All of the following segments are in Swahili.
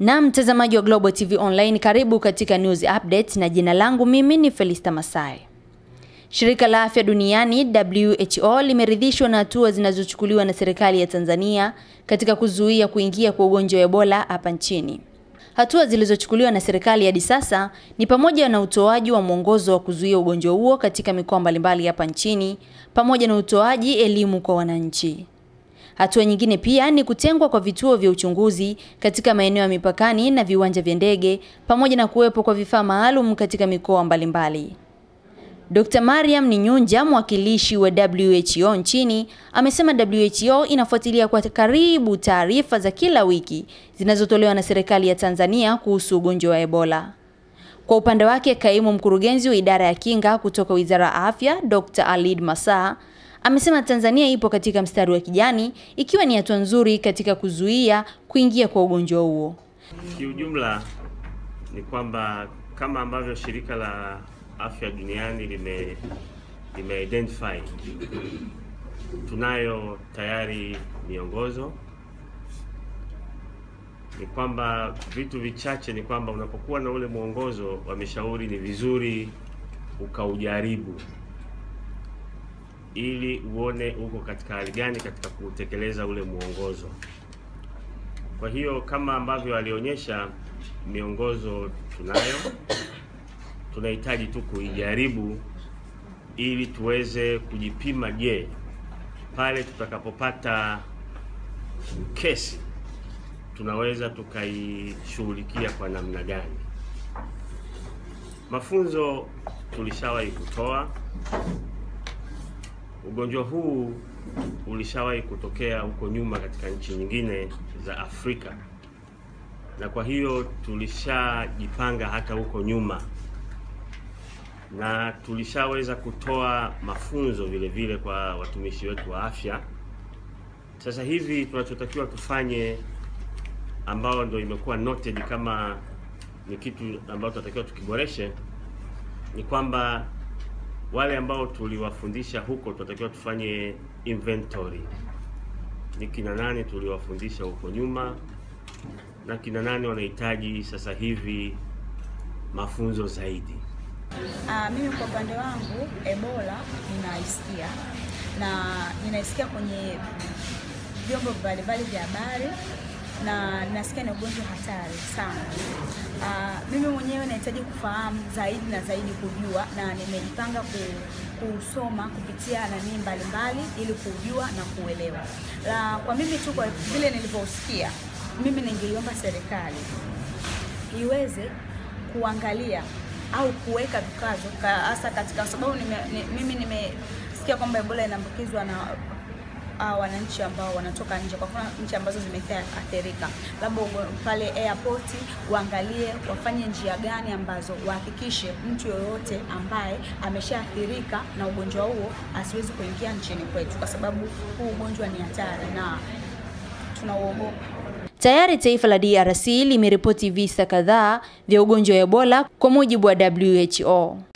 Na mtazamaji wa Global TV Online, karibu katika news update, na jina langu mimi ni Felista Masai. Shirika la Afya Duniani WHO limeridhishwa na hatua zinazochukuliwa na serikali ya Tanzania katika kuzuia kuingia kwa ugonjwa wa Ebola hapa nchini. Hatua zilizochukuliwa na serikali hadi sasa ni pamoja na utoaji wa mwongozo wa kuzuia ugonjwa huo katika mikoa mbalimbali hapa nchini pamoja na utoaji elimu kwa wananchi. Hatua nyingine pia ni kutengwa kwa vituo vya uchunguzi katika maeneo ya mipakani na viwanja vya ndege pamoja na kuwepo kwa vifaa maalum katika mikoa mbalimbali. Dr. Mariam Ninyunja, mwakilishi wa WHO nchini, amesema WHO inafuatilia kwa karibu taarifa za kila wiki zinazotolewa na serikali ya Tanzania kuhusu ugonjwa wa Ebola. Kwa upande wake, kaimu mkurugenzi wa idara ya kinga kutoka Wizara ya Afya, Dr. Alid Masaa Amesema Tanzania ipo katika mstari wa kijani ikiwa ni hatua nzuri katika kuzuia kuingia kwa ugonjwa huo. Kiujumla ni kwamba kama ambavyo shirika la afya duniani lime lime identify, tunayo tayari miongozo. Ni kwamba vitu vichache ni kwamba unapokuwa na ule mwongozo, wameshauri ni vizuri ukaujaribu ili uone uko katika hali gani katika kutekeleza ule mwongozo. Kwa hiyo kama ambavyo alionyesha, miongozo tunayo, tunahitaji tu kuijaribu ili tuweze kujipima. Je, pale tutakapopata kesi tunaweza tukaishughulikia kwa namna gani? Mafunzo tulishawahi kutoa. Ugonjwa huu ulishawahi kutokea huko nyuma katika nchi nyingine za Afrika, na kwa hiyo tulishajipanga hata huko nyuma na tulishaweza kutoa mafunzo vile vile kwa watumishi wetu wa afya. Sasa hivi tunachotakiwa tufanye, ambao ndio imekuwa noted kama ni kitu ambacho tunatakiwa tukiboreshe, ni kwamba wale ambao tuliwafundisha huko tunatakiwa tufanye inventory. Ni kina nani tuliwafundisha huko nyuma na kina nani wanahitaji sasa hivi mafunzo zaidi? Uh, mimi kwa upande wangu Ebola ninaisikia na ninaisikia kwenye vyombo mbalimbali vya habari na nasikia ni ugonjwa hatari sana. Uh, mimi mwenyewe nahitaji kufahamu zaidi na zaidi kujua, na nimejipanga kusoma kupitia nani mbalimbali ili kujua na kuelewa. La, kwa mimi tu kwa vile nilivyosikia, mimi ningeiomba serikali iweze kuangalia au kuweka vikazo hasa katika sababu nime, ni, mimi nimesikia kwamba Ebola inaambukizwa na uh, wananchi ambao wanatoka nje, kwa mfano nchi ambazo zimeathirika, labda pale airport waangalie wafanye njia gani ambazo wahakikishe mtu yoyote ambaye ameshaathirika na ugonjwa huo asiwezi kuingia nchini kwetu, kwa sababu huu ugonjwa ni hatari na tunauogopa. Tayari taifa la DRC limeripoti visa kadhaa vya ugonjwa wa Ebola kwa mujibu wa WHO.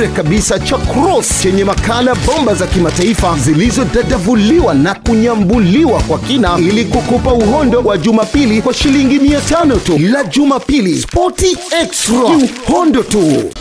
bure kabisa cha Cross chenye makala bomba za kimataifa zilizodadavuliwa na kunyambuliwa kwa kina ili kukupa uhondo wa Jumapili kwa shilingi mia tu. La Jumapili, spoti extra, uhondo tu.